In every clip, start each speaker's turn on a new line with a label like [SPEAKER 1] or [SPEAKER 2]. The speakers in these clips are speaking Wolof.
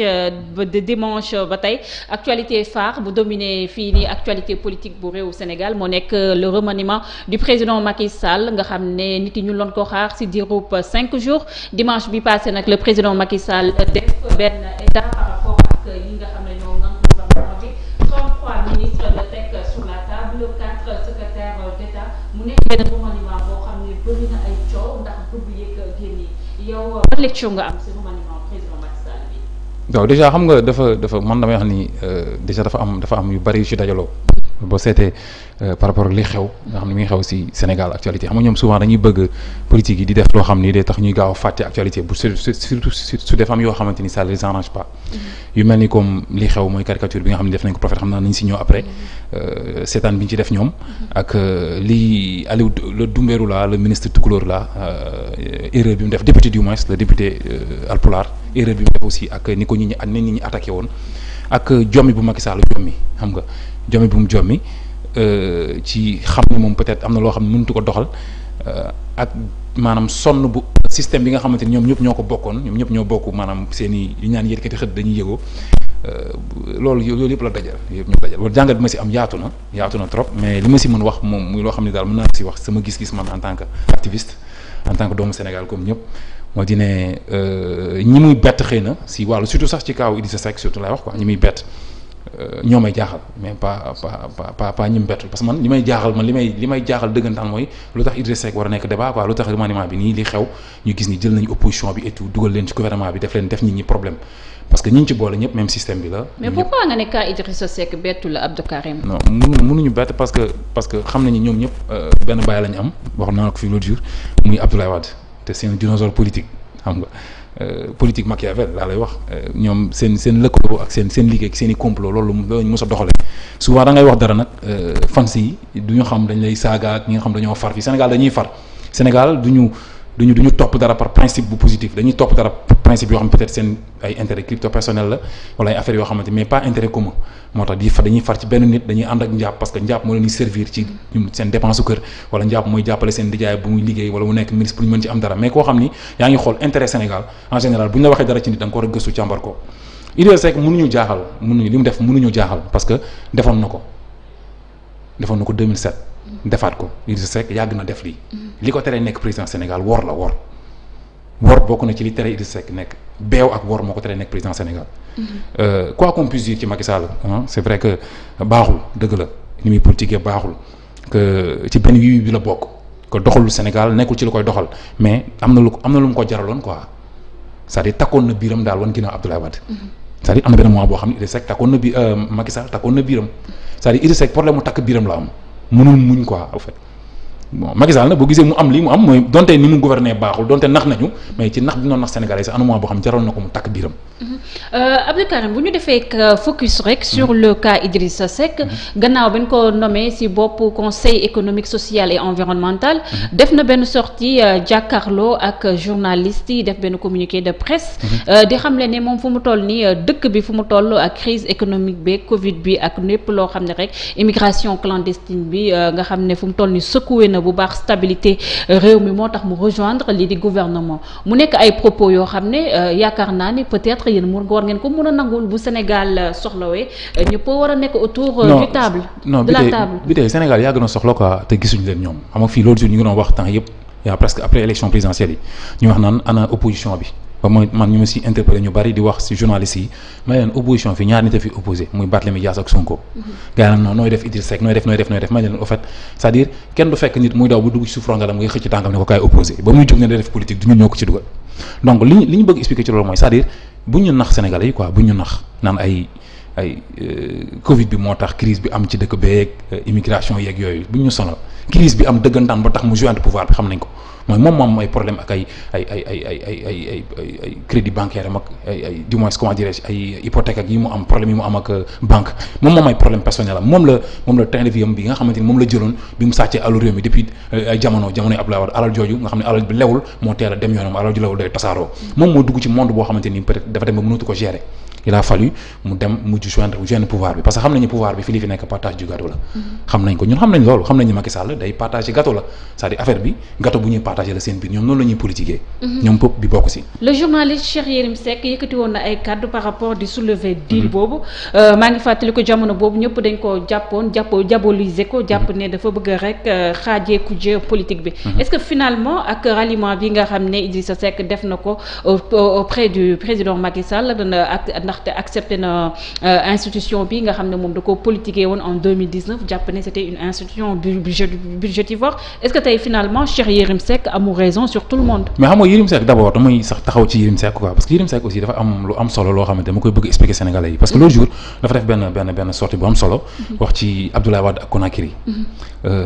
[SPEAKER 1] Euh, de dimanche euh, ba tey actualité phare bu dominé fii nii actualité politique bu réew Sénégal moo nekk euh, le remaniement du président Macky Sall nga xam ne nit yi ñu loon ko xaar si diirub cinq jours dimanche bi passé nag le président Macky Sall def benn état par yi nga xam ne bëri na ay coow nga am
[SPEAKER 2] waaw déjà xam nga dafa dafa man damay wax ni euh, déjà dafa am dafa am yu bari yu ci dajaloo boo seetee euh, par rapport li xew nga xam ne mi ngi xew si Sénégal actualité xam ñoom souvent dañuy bëgg politique yi di def loo xam ni day tax ñuy gaaw a fàtte actualité bu surtout su def am yoo xamante ni sa les arrange mm-hmm. yu mel ni comme li xew mooy caricature bi nga xam ne def nañ ko prophète xam naa nañ ci ñëw après mm-hmm. euh, seetaan bi ñu ci def ñoom mm-hmm. ak li Aliou le Doumbérou la le ministre tukulóor la erreur bi mu def député du moins le député Alpulaar erreur bi mu def aussi ak ni ko nit ñi ak ni nit ñi attaqué woon ak jommi bu Macky Sall jommi xam nga jommi bu mu jommi euh, ci xam ne moom peut-être am na loo xam ne tu ko doxal euh, ak maanaam sonn bu système bi nga xamante ni ñoom ñëpp ñoo ko bokkoon ñoom ñëpp ñoo bokk maanaam seen i yu ñaan xët dañuy yëgoo euh, loolu loolu yëpp la dajal yëpp ñoo dajal loolu jàngat bi ma si am yaatu na yaatu na trop mais li ma si mën wax moom muy loo xam ne daal mën naa si wax sama gis-gis man en tant que activiste en tant que doomu Sénégal comme ñëpp moo di ne euh, ñi muy bett xëy na si wàllu surtout sax ci kaw Idrissa Seck surtout laay wax quoi ñi muy bett euh, ñoo may jaaxal mais pas pas pas man li may jaaxal man li may li may jaaxal dëggantaan mooy lu tax Idrissa Seck war a nekk débat quoi lu tax remaniement bi nii li xew ñu gis ni jël nañu opposition bi et dugal leen ci gouvernement bi def leen def nit ñi problème parce que ñi ñu ci boole ñëpp même système bi la. mais pourquoi
[SPEAKER 1] nga ne cas Idrissa Seck bettu la
[SPEAKER 2] parce que parce que xam nañu ñoom ñëpp euh, benn am wax naa ko fi l'autre te c'est un dinosaure politique xam nga euh, politique Machiavel laa lay wax euh, ñoom seen seen lëkkaloo ak seen seen liggéey ak seen i complot loolu loolu ñu mës a doxalee souvent da ngay wax dara nag euh, fans yi du ñu xam dañ lay saaga ak nga xam dañoo far fi Sénégal dañuy far Sénégal du ñu du ñu du ñu topp dara par principe bu positif dañuy topp dara principe yoo xam peut-être seen ay intérêt crypto personnel la wala ay affaires yoo xamante mais pas intérêt commun moo tax di far ci benn nit dañuy ànd ak njàpp parce que mooy jàppale seen dijaay bu muy liggéey wala mu nekk ministre pour ñu mën ci am dara mais koo xam ni yaa ngi xool intérêt Sénégal en général bu ñu la waxee dara ci nit da ko war a gëstu càmbar jaaxal mënuñu li mu def mënuñu jaaxal parce que na ko defoon na ko 2007 wor bokk na ci li tere Idrissa Seck nekk beew ak wor moo ko tere nekk président Sénégal. Mm-hmm. Euh, quoi qu'on puisse dire ci Macky Sall c'est vrai que baaxul dëgg la ni muy politiquer baaxul que ci benn wii bi la bokk que doxalul Sénégal nekkul ci lu koy doxal mais am na lu ko am na lu mu ko jaraloon quoi cest di dire takkoon na biiram daal wan ginnaaw Abdoulaye Wade. Mm-hmm. cest à am na benn moment boo xam ne Idrissa Seck takkoon na bi euh, Macky Sall takkoon na biiram c'est-à-dire Idrissa Seck problème mu takk biiram la am mënul muñ quoi en bon Macky Sall nag boo gisee mu am lii mu am mooy donte ni mu gouverner baaxul donte nax nañu mais ci nax bi noonu nax sénégalais sa anuma boo xam jaral na ko mu takk biiram.
[SPEAKER 1] Mm-hmm. Euh, Abdou Karim bu ñu defee euh, focus rek mm-hmm. sur le cas Idrissa Seck mm-hmm. gannaaw bañ ko nommé si bopp conseil économique social et environnemental def na benn sortie euh, jàkkaarloo ak journaliste yi def benn communiqué de presse di xam ne moom fu mu toll ni dëkk bi fu mu toll ak crise économique bi Covid bi ak lépp loo xam ne rek immigration clandestine bi nga xam ne fu mu toll ni secoué na bu baax stabilité euh, réew mi moo tax mu rejoindre lii di gouvernement mu nekk ay propos yoo xam ne euh, yaakaar naa ni peut-être yéen mu war ngeen ko mën a nangul bu Sénégal euh, soxlawee ñëpp war a nekk autour du table de la table
[SPEAKER 2] bi tey Sénégal yàgg na soxla quoi te gisuñu leen ñoom xam fii loolu si ñu ngi wax temps yëpp yaa presque après élection présidentielle yi ñu wax naan ana opposition bi ba ma man ñu ma si ñu bari di wax si journaliste yi ma leen opposition fi ñaar nit a fi opposé muy Barthélémy Dias ak Sonko. Mm-hmm. gars nag nooy def Idriss Seck nooy nooy def nooy def ma leen au fait cest kenn du fekk nit muy daw bu dugg ci suuf rongalam ngay xëcc tànkam ne ko kaay opposé ba muy jóg ne da def politique du ñu ñoo ko ci dugal donc li ñu bëgg expliquer ci loolu mooy cest à bu ñu nax Sénégalais yi quoi bu ñu nax naan ay ay euh, Covid bi moo tax crise bi am ci dëkk beeg euh, immigration yeeg yooyu bu ñu sonal crise bi am dëggantaan ba tax mu joindre pouvoir bi xam nañ ko mooy moom moom ay problème ak ay ay ay ay ay ay ay ay crédit bancaire am ak ay du mu sàccee alalu réew mi depuis euh, ay jamono jamono yi Abdoulaye Wade alal jooju nga xam ne alal bi lewul moo teel a dem yoonam alal ju lewul day tasaaroo moom moo dugg ci monde boo xamante ni peut-être dem ba mënatu ko gérer il a fallu mu dem mu joindre joindre pouvoir bi parce que xam nañu pouvoir bi fi nekk partage du gâteau la. xam nañ ko ñun xam nañ loolu xam nañu Macky day partager gâteau la cest à affaire bi gâteau bu ñuy partager la seen biir ñoom noonu la ñuy mhm. ñoom bi bokk ci.
[SPEAKER 1] le journaliste Cheikh Yérim Seck yëkkati woon na ay kaddu par rapport di soulever deal mhm. boobu euh, maa ngi fàttali ko jamono boobu ñëpp dañ koo jàppoon jàppoo diaboliser ko jàpp mhm. ne dafa ndaxte accepté na institution bi nga xam ne moom da ko politiqué woon en 2019 jàpp ne c'était une institution budgétivore est-ce que tey finalement Cheikh Yérim Seck amul raison sur tout le monde.
[SPEAKER 2] mais xam nga Yérim Seck d'abord damay sax taxaw ci Yérim Seck quoi am lu am solo wax ci Abdoulaye Wade ak Conakry.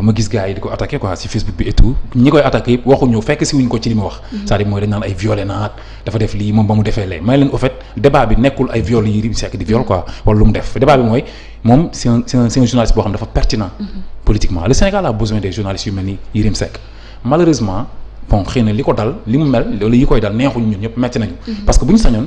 [SPEAKER 2] ma gis gars yi di ko attaqué quoi ci Facebook bi et tout ñi koy attaqué yëpp fekk si wuñ ko ci li mu wax. cest à mooy dañ naan ay violé débat bi nekkul ay viol yi Yérim Seck di viol quoi wala lu mu def débat bi mooy moom c'est un c'est un journaliste boo xam dafa pertinent mm-hmm. politiquement le Sénégal a besoin des journalistes yu mel ni Yérim Seck malheureusement bon na li ko dal li mu mel loolu yi koy dal neexuñu ñun ñëpp metti nañu mm-hmm. parce bu ñu sañoon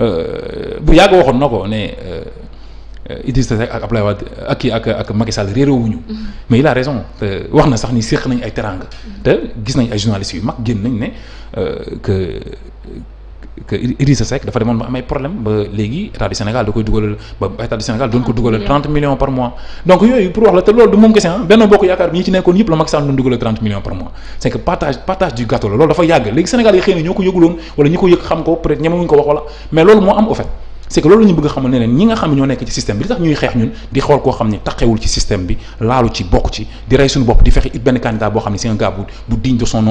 [SPEAKER 2] Euh, bu yàgg waxoon na ko ne euh, Idrissa ak Abdoulaye ak kii ak ak Macky Sall réeroowuñu mm-hmm. mais il a raison wax na sax ni séq nañ ay teraanga mm-hmm. te gis nañ ay journalistes yu mag génn nañ ne euh, que dafa demoon ba am problème ba léegi état du Sénégal da koy dugalal ba état du Sénégal doon ko dugalal 30 millions par mois donc yooyu pour wax la te loolu du moom kese ah benn bokk yaakaar bi ñi ci nekkoon yëpp la Macky Sall doon dugalal 30 millions par mois c' que partage partage du gâteau la loolu dafa yàgg léegi Sénégal yi xëy ñoo ko yëguloon wala ñi ko yëg xam ko peut ñemewuñ ko wax wala mais loolu moo am au c'est que loolu la bëgg a xamal ne leen ñi nga xam ne ñoo nekk ci système bi li tax ñuy xeex ñun di xool koo xam ne taxewul ci système bi laalu ci bokk ci di rey suñu bopp di fexe it benn candidat boo xam ne c'est un gars bu bu digne koo xam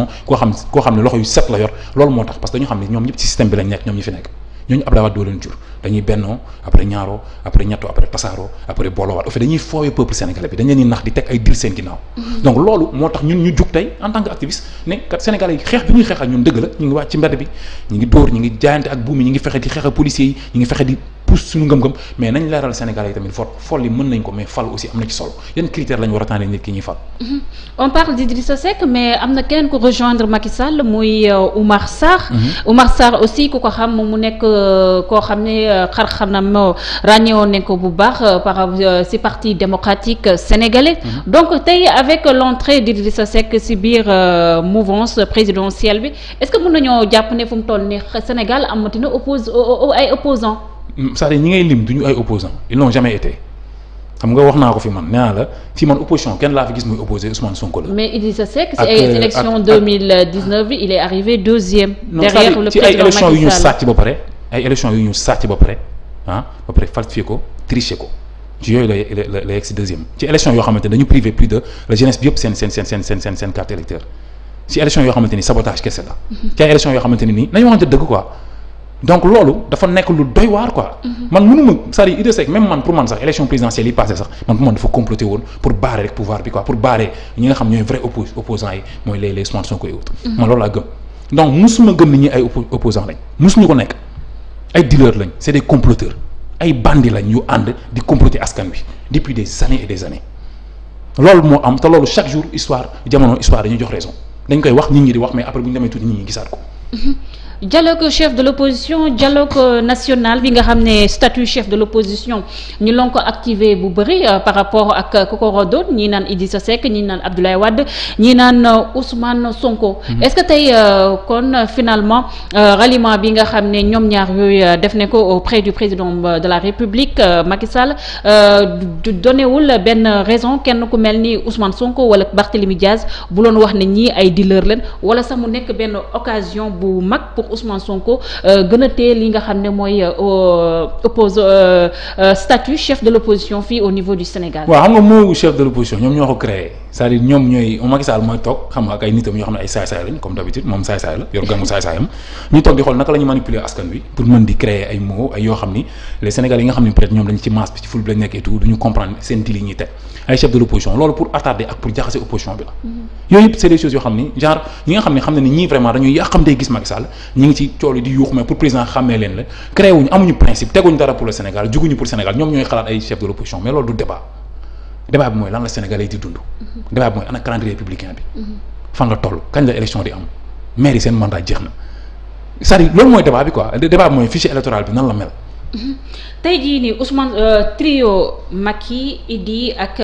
[SPEAKER 2] koo xam ne loxo yu set la yor loolu moo tax parce dañu xam ne ñoom ñëpp ci système bi lañ nekk ñoom ñi fi nekk ñooñu Abdoulaye Wade doo leen jur dañuy bennoo après ñaaroo après ñettoo après tasaaroo après booloowaat au dañuy fooyee peuple sénégalais bi dañ leen di nax di teg ay dir seen ginnaaw. Mhm. donc loolu moo tax ñun ñu jug tey en tant ne kat sénégalais yi xeex bi ñuy xeex ñun dëgg la ñu ngi wàcc ci mbedd bi ñu ngi dóor ñu ngi jaayante ak buum yi ñu ngi fexe di xeex ak yi ñu ngi fexe di pousse suñu ngëm-ngëm mais nañ leeral Sénégalais yi tamit fot fol yi mën nañ ko mais fal am na ci solo yan critère lañ war a tànnee nit ki ñuy fal.
[SPEAKER 1] Mhm. on parle d'Idrissa Seck mais am na ko euh, mhm. ko xam mu nekk euh, koo xam ne euh, xar-xanam ràññewoon nañ ko bu baax par si parti démocratique sénégalais. Mhm. donc tey avec l'entrée sa Seck si biir mouvance présidentielle bi est-ce que mën nañoo jàpp ne fu mu toll nii Sénégal amatina oppose ay opposants
[SPEAKER 2] c'est-à-dire ñi ngay lim du ñu ay opposants ils n'ont jamais été xam nga wax naa ko fi man nee naa la fii man opposition kenn laa fi gis muy opposé Ousmane Sonko la.
[SPEAKER 1] mais euh, il est arrivé deuxième.
[SPEAKER 2] derrière ay élection ah, yoo xamante ne dañu privé plus ne mhm. dëgg quoi. donc loolu dafa nekk lu doy waar quoi. Mhm. man mënuma c'est-à-dire Idrissa Seck même man pour man sax élection présidentielle yi passé sax man pour man dafa comploté woon pour barrer rek pouvoir bi quoi pour barrer ñi nga xam ñooy vrai oppo opposants yi mooy les les Ousmane Sonko et autres. Mhm. man loolu laa gëm donc musuma gëm ni ñi ay oppo opposants lañ musuñu ko nekk ay dealers lañ c'est des comploteurs ay bandits lañ yu ànd di comploter askan wi depuis des années et des années am te loolu chaque jour histoire jamono histoire dañuy jox raison dañ koy wax nit ñi wax mais après ñu demee ko.
[SPEAKER 1] Mhm. dialogue chef de l' opposition dialogue national bi nga xam ne statu chef de l' opposition ñu lon ko activé bu bëri euh, par rapport ak ku ko roddoon ñii naan Idrissa Seck ñii naan Abdoulaye Wade ñii naan euh, Ousmane Sonko. Mm-hmm. est ce que tey euh, kon finalement ralliement bi nga xam ne ñoom ñaar yooyu def ne ko auprès du président de la République Macky Sall du donewul benn raison kenn ku mel ni Ousmane Sonko wala Barthélémy Diaz bu loon wax ne ñii ay dealer leen wala sax mu nekk benn occasion bu mag ak Ousmane Sonko euh, gën a téye li nga xam ne mooy euh, euh, oppose statut chef de l'opposition fii au niveau du Sénégal. waaw xam
[SPEAKER 2] nga moo chef de l'opposition ñoom ñoo ko créé cest à ñooy Macky Sall toog ne di xool naka la manipuler askan wi pour mën di créer ay mots yoo xam ni les yi nga xam ne peut-être ñoom lañ ci masse bi ci ful bi lañ nekk et tout duñu comprendre seen dil yi teg ay chef de l'opposition loolu pour attarder ak pour jaxase opposition ñi ngi ci tool yi di yuux mais pour président xàmmee leen la créé amuñu principe teguñu dara pour le Sénégal juguñu pour Sénégal ñoom ñooy xalaat ay chef de l'opposition mais loolu du débat débat bi mooy lan la Sénégalais di dund. débat bi mooy ana calendrier républicain bi. fan la toll kañ la élection di am maire seen mandat jeex na cest loolu mooy débat bi quoi débat bi mooy fichier électoral bi nan la mel.
[SPEAKER 1] tey jii nii Ousmane euh, trio Macky Idi ak.